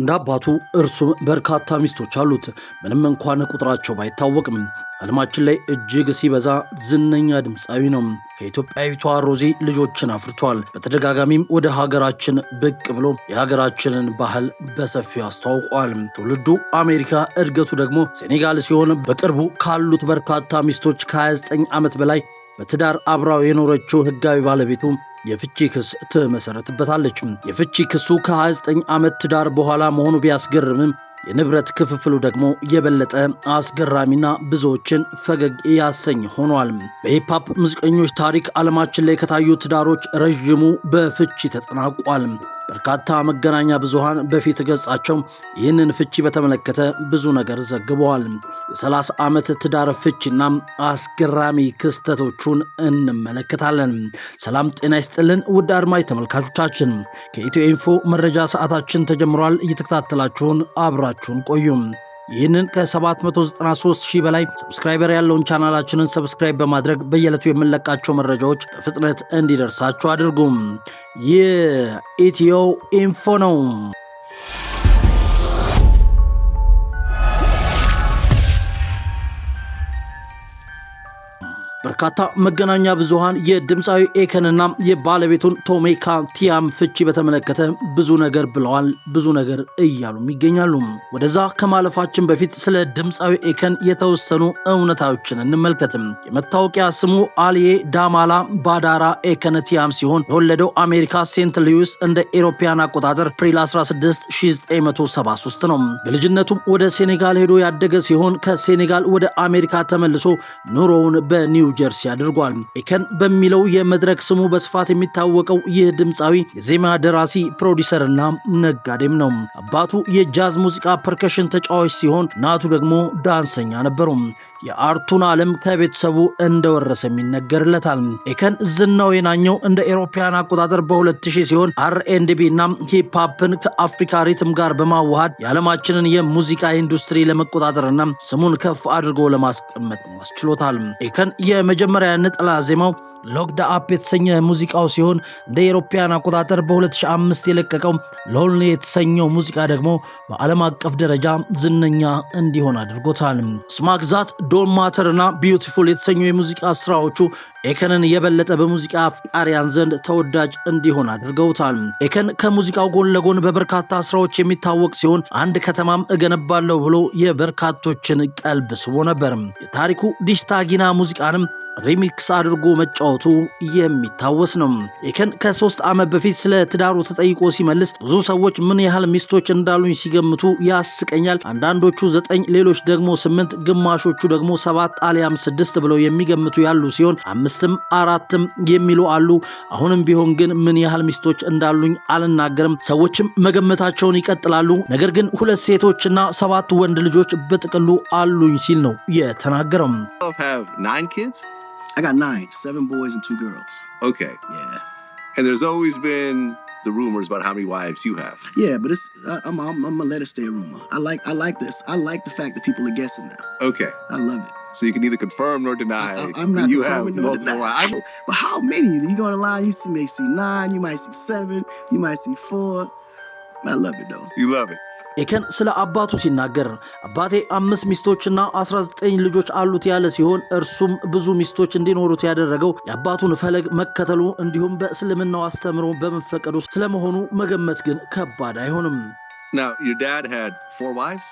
እንደ አባቱ እርሱም በርካታ ሚስቶች አሉት። ምንም እንኳን ቁጥራቸው ባይታወቅም አለማችን ላይ እጅግ ሲበዛ ዝነኛ ድምፃዊ ነው። ከኢትዮጵያዊቷ ሮዚ ልጆችን አፍርቷል። በተደጋጋሚም ወደ ሀገራችን ብቅ ብሎ የሀገራችንን ባህል በሰፊው አስተዋውቋል። ትውልዱ አሜሪካ፣ እድገቱ ደግሞ ሴኔጋል ሲሆን በቅርቡ ካሉት በርካታ ሚስቶች ከ29 ዓመት በላይ በትዳር አብራው የኖረችው ህጋዊ ባለቤቱ የፍቺ ክስ ትመሰረትበታለች። የፍቺ ክሱ ከ29 ዓመት ትዳር በኋላ መሆኑ ቢያስገርምም የንብረት ክፍፍሉ ደግሞ የበለጠ አስገራሚና ብዙዎችን ፈገግ ያሰኝ ሆኗል። በሂፓፕ ሙዚቀኞች ታሪክ ዓለማችን ላይ ከታዩ ትዳሮች ረዥሙ በፍቺ ተጠናቋል። በርካታ መገናኛ ብዙሃን በፊት ገጻቸው ይህንን ፍቺ በተመለከተ ብዙ ነገር ዘግበዋል። የ30 ዓመት ትዳር ፍቺና አስገራሚ ክስተቶቹን እንመለከታለን። ሰላም ጤና ይስጥልን ውድ አድማጭ ተመልካቾቻችን ከኢትዮ ኢንፎ መረጃ ሰዓታችን ተጀምሯል። እየተከታተላችሁን አብራችሁን ቆዩም። ይህንን ከ793 ሺህ በላይ ሰብስክራይበር ያለውን ቻናላችንን ሰብስክራይብ በማድረግ በየዕለቱ የምንለቃቸው መረጃዎች በፍጥነት እንዲደርሳችሁ አድርጉም። ይህ ኢትዮ ኢንፎ ነው። በርካታ መገናኛ ብዙሃን የድምፃዊ ኤከንና የባለቤቱን ቶሜካ ቲያም ፍቺ በተመለከተ ብዙ ነገር ብለዋል፣ ብዙ ነገር እያሉም ይገኛሉ። ወደዛ ከማለፋችን በፊት ስለ ድምፃዊ ኤከን የተወሰኑ እውነታዎችን እንመልከትም። የመታወቂያ ስሙ አልዬ ዳማላ ባዳራ ኤከን ቲያም ሲሆን የወለደው አሜሪካ ሴንት ሉዊስ እንደ ኤሮፓያን አቆጣጠር ፕሪል 16 1973 ነው። በልጅነቱም ወደ ሴኔጋል ሄዶ ያደገ ሲሆን ከሴኔጋል ወደ አሜሪካ ተመልሶ ኑሮውን በኒው ኒው ጀርሲ አድርጓል። ኤከን በሚለው የመድረክ ስሙ በስፋት የሚታወቀው ይህ ድምፃዊ የዜማ ደራሲ ፕሮዲሰርና ነጋዴም ነው። አባቱ የጃዝ ሙዚቃ ፐርከሽን ተጫዋች ሲሆን እናቱ ደግሞ ዳንሰኛ ነበሩ። የአርቱን ዓለም ከቤተሰቡ እንደወረሰ ይነገርለታል። ኤከን ዝናው የናኘው እንደ ኤሮፓያን አቆጣጠር በ2000 ሲሆን አርኤንድቢ እና ሂፕሃፕን ከአፍሪካ ሪትም ጋር በማዋሃድ የዓለማችንን የሙዚቃ ኢንዱስትሪ ለመቆጣጠርና ስሙን ከፍ አድርጎ ለማስቀመጥ አስችሎታል። ኤከን የመጀመሪያ ነጠላ ዜማው ሎክድ አፕ የተሰኘ ሙዚቃው ሲሆን እንደ ኤሮፓያን አቆጣጠር በ2005 የለቀቀው ሎንሊ የተሰኘው ሙዚቃ ደግሞ በዓለም አቀፍ ደረጃ ዝነኛ እንዲሆን አድርጎታል። ስማክዛት ዶን ማተር እና ቢዩቲፉል የተሰኘው የሙዚቃ ስራዎቹ ኤከንን የበለጠ በሙዚቃ አፍቃሪያን ዘንድ ተወዳጅ እንዲሆን አድርገውታል። ኤከን ከሙዚቃው ጎን ለጎን በበርካታ ስራዎች የሚታወቅ ሲሆን አንድ ከተማም እገነባለሁ ብሎ የበርካቶችን ቀልብ ስቦ ነበር። የታሪኩ ዲስታጊና ሙዚቃንም ሪሚክስ አድርጎ መጫወቱ የሚታወስ ነው። ኤከን ከሶስት ዓመት በፊት ስለ ትዳሩ ተጠይቆ ሲመልስ ብዙ ሰዎች ምን ያህል ሚስቶች እንዳሉኝ ሲገምቱ ያስቀኛል፣ አንዳንዶቹ ዘጠኝ፣ ሌሎች ደግሞ ስምንት፣ ግማሾቹ ደግሞ ሰባት አሊያም ስድስት ብለው የሚገምቱ ያሉ ሲሆን አምስትም አራትም የሚሉ አሉ። አሁንም ቢሆን ግን ምን ያህል ሚስቶች እንዳሉኝ አልናገርም። ሰዎችም መገመታቸውን ይቀጥላሉ። ነገር ግን ሁለት ሴቶችና ሰባት ወንድ ልጆች በጥቅሉ አሉኝ ሲል ነው የተናገረው። the rumors about how many wives you have. Yeah, but it's I, am I'm, I'm, I'm gonna let it stay a rumor. I like I like this. I like the fact that people are guessing now. Okay, I love it. So you can neither confirm nor deny. I, I, I'm not you confirming have nor denying. But how many? You go on the line, you may see nine, you might see seven, you might see four. I love it though. You love it. ኤከን ስለ አባቱ ሲናገር አባቴ አምስት ሚስቶችና 19 ልጆች አሉት ያለ ሲሆን እርሱም ብዙ ሚስቶች እንዲኖሩት ያደረገው የአባቱን ፈለግ መከተሉ እንዲሁም በእስልምናው አስተምሮ በመፈቀዱ ስለመሆኑ መገመት ግን ከባድ አይሆንም። Now, your dad had four wives?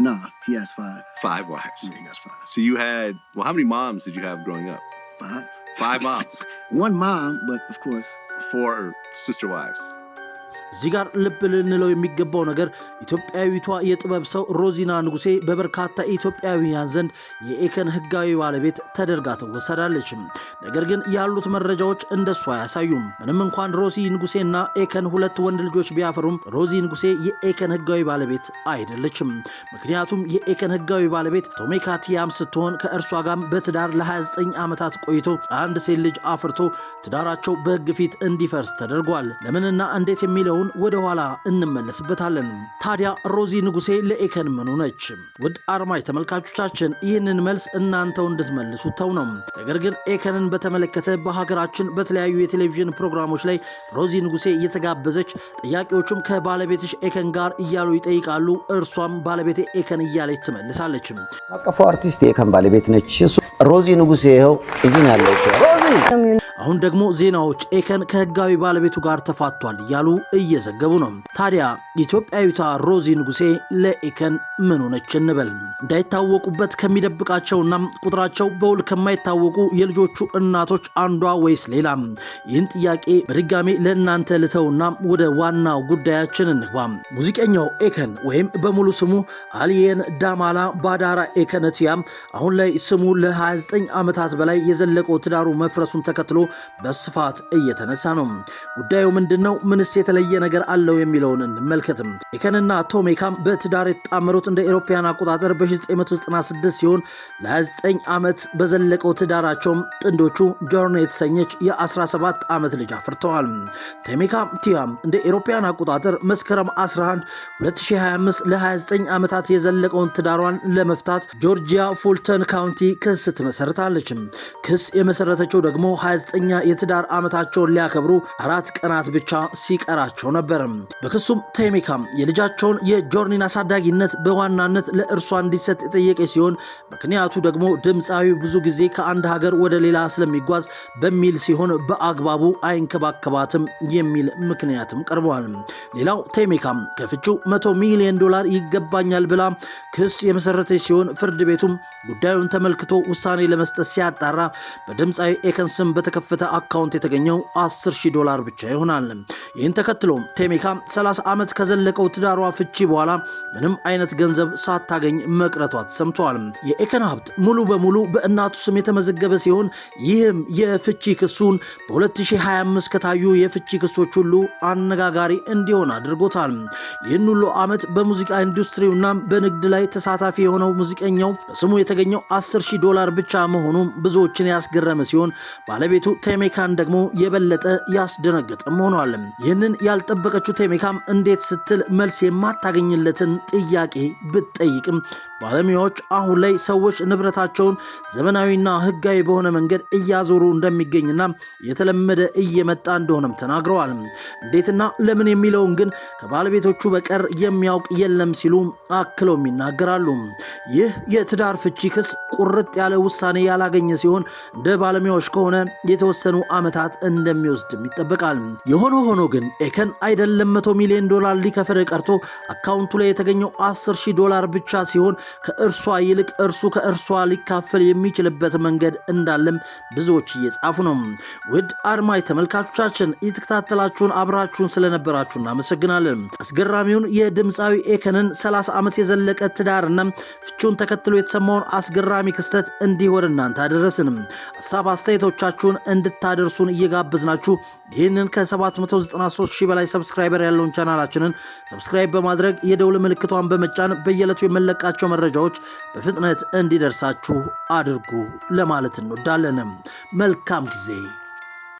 Nah, he has five. Five wives. Yeah, he has five. So you had well, how many moms did you have growing up? Five. Five moms. One mom, but of course. Four sister wives. እዚህ ጋር ልብ ልንለው የሚገባው ነገር ኢትዮጵያዊቷ የጥበብ ሰው ሮዚና ንጉሴ በበርካታ ኢትዮጵያውያን ዘንድ የኤከን ሕጋዊ ባለቤት ተደርጋ ትወሰዳለች። ነገር ግን ያሉት መረጃዎች እንደሱ አያሳዩም። ምንም እንኳን ሮዚ ንጉሴና ኤከን ሁለት ወንድ ልጆች ቢያፈሩም ሮዚ ንጉሴ የኤከን ሕጋዊ ባለቤት አይደለችም። ምክንያቱም የኤከን ሕጋዊ ባለቤት ቶሜካ ቲያም ስትሆን ከእርሷ ጋር በትዳር ለ29 ዓመታት ቆይቶ አንድ ሴት ልጅ አፍርቶ ትዳራቸው በሕግ ፊት እንዲፈርስ ተደርጓል። ለምንና እንዴት የሚለውን የሚለውን ወደ ኋላ እንመለስበታለን። ታዲያ ሮዚ ንጉሴ ለኤከን ምኑ ነች? ውድ አድማጭ ተመልካቾቻችን ይህንን መልስ እናንተው እንድትመልሱ ተው ነው። ነገር ግን ኤከንን በተመለከተ በሀገራችን በተለያዩ የቴሌቪዥን ፕሮግራሞች ላይ ሮዚ ንጉሴ እየተጋበዘች ጥያቄዎቹም ከባለቤትሽ ኤከን ጋር እያሉ ይጠይቃሉ። እርሷም ባለቤቴ ኤከን እያለች ትመልሳለች። አቀፉ አርቲስት ኤከን ባለቤት ነች። ሮዚ ንጉሴ ይኸው እዚህ ያለች። አሁን ደግሞ ዜናዎች ኤከን ከህጋዊ ባለቤቱ ጋር ተፋቷል እያሉ እየዘገቡ ነው። ታዲያ ኢትዮጵያዊቷ ሮዚ ንጉሴ ለኢከን ምን ሆነች እንበል? እንዳይታወቁበት ከሚደብቃቸውና ቁጥራቸው በውል ከማይታወቁ የልጆቹ እናቶች አንዷ ወይስ ሌላ? ይህን ጥያቄ በድጋሜ ለእናንተ ልተውና ወደ ዋናው ጉዳያችን እንግባ። ሙዚቀኛው ኤከን ወይም በሙሉ ስሙ አሊየን ዳማላ ባዳራ ኤከነትያ አሁን ላይ ስሙ ለ29 ዓመታት በላይ የዘለቀው ትዳሩ መፍረሱን ተከትሎ በስፋት እየተነሳ ነው። ጉዳዩ ምንድን ነው? ምንስ የተለየ የተለየ ነገር አለው የሚለውን እንመልከትም። ኤከንና ቶሜካም በትዳር የተጣመሩት እንደ ኤሮፓያን አቆጣጠር በ1996 ሲሆን ለ29 ዓመት በዘለቀው ትዳራቸውም ጥንዶቹ ጆርኖ የተሰኘች የ17 ዓመት ልጅ አፍርተዋል። ቶሜካም ቲያም እንደ ኤሮፓያን አቆጣጠር መስከረም 11 2025 ለ29 ዓመታት የዘለቀውን ትዳሯን ለመፍታት ጆርጂያ ፉልተን ካውንቲ ክስ ትመሰርታለች። ክስ የመሰረተችው ደግሞ 29ኛ የትዳር ዓመታቸውን ሊያከብሩ አራት ቀናት ብቻ ሲቀራቸው ተከሷቸው ነበር። በክሱም ቴሜካም የልጃቸውን የጆርኒን አሳዳጊነት በዋናነት ለእርሷ እንዲሰጥ የጠየቀ ሲሆን ምክንያቱ ደግሞ ድምፃዊ ብዙ ጊዜ ከአንድ ሀገር ወደ ሌላ ስለሚጓዝ በሚል ሲሆን በአግባቡ አይንከባከባትም የሚል ምክንያትም ቀርበዋል። ሌላው ቴሜካም ከፍቹ መቶ ሚሊዮን ዶላር ይገባኛል ብላ ክስ የመሰረተች ሲሆን ፍርድ ቤቱም ጉዳዩን ተመልክቶ ውሳኔ ለመስጠት ሲያጣራ በድምፃዊ ኤከንስም በተከፈተ አካውንት የተገኘው 10 ሺህ ዶላር ብቻ ይሆናል። ይህን ተከትሎ የለውም። ቴሜካ 30 ዓመት ከዘለቀው ትዳሯ ፍቺ በኋላ ምንም አይነት ገንዘብ ሳታገኝ መቅረቷ ተሰምተዋል። የኤከን ሀብት ሙሉ በሙሉ በእናቱ ስም የተመዘገበ ሲሆን ይህም የፍቺ ክሱን በ2025 ከታዩ የፍቺ ክሶች ሁሉ አነጋጋሪ እንዲሆን አድርጎታል። ይህን ሁሉ ዓመት በሙዚቃ ኢንዱስትሪውና በንግድ ላይ ተሳታፊ የሆነው ሙዚቀኛው በስሙ የተገኘው 10 ሺህ ዶላር ብቻ መሆኑ ብዙዎችን ያስገረመ ሲሆን ባለቤቱ ቴሜካን ደግሞ የበለጠ ያስደነገጠም ሆኗል። ይህንን ያል ያልጠበቀችው ቴሜካም እንዴት ስትል መልስ የማታገኝለትን ጥያቄ ብትጠይቅም ባለሙያዎች አሁን ላይ ሰዎች ንብረታቸውን ዘመናዊና ሕጋዊ በሆነ መንገድ እያዞሩ እንደሚገኝና የተለመደ እየመጣ እንደሆነም ተናግረዋል። እንዴትና ለምን የሚለውን ግን ከባለቤቶቹ በቀር የሚያውቅ የለም ሲሉ አክለውም ይናገራሉ። ይህ የትዳር ፍቺ ክስ ቁርጥ ያለ ውሳኔ ያላገኘ ሲሆን እንደ ባለሙያዎች ከሆነ የተወሰኑ ዓመታት እንደሚወስድም ይጠበቃል። የሆነ ሆኖ ግን ኤከን አይደለም መቶ ሚሊዮን ዶላር ሊከፍር ቀርቶ አካውንቱ ላይ የተገኘው 10 ሺህ ዶላር ብቻ ሲሆን ከእርሷ ይልቅ እርሱ ከእርሷ ሊካፈል የሚችልበት መንገድ እንዳለም ብዙዎች እየጻፉ ነው። ውድ አድማጭ ተመልካቾቻችን እየተከታተላችሁን አብራችሁን ስለነበራችሁ እናመሰግናለን። አስገራሚውን የድምፃዊ ኤከንን 30 ዓመት የዘለቀ ትዳርና ፍቹን ተከትሎ የተሰማውን አስገራሚ ክስተት እንዲህ ወደ እናንተ አደረስን። ሀሳብ አስተያየቶቻችሁን እንድታደርሱን እየጋበዝናችሁ ይህንን ከ793 ሺህ በላይ ሰብስክራይበር ያለውን ቻናላችንን ሰብስክራይብ በማድረግ የደውል ምልክቷን በመጫን በየዕለቱ የመለቃቸው መረጃዎች በፍጥነት እንዲደርሳችሁ አድርጉ ለማለት እንወዳለንም። መልካም ጊዜ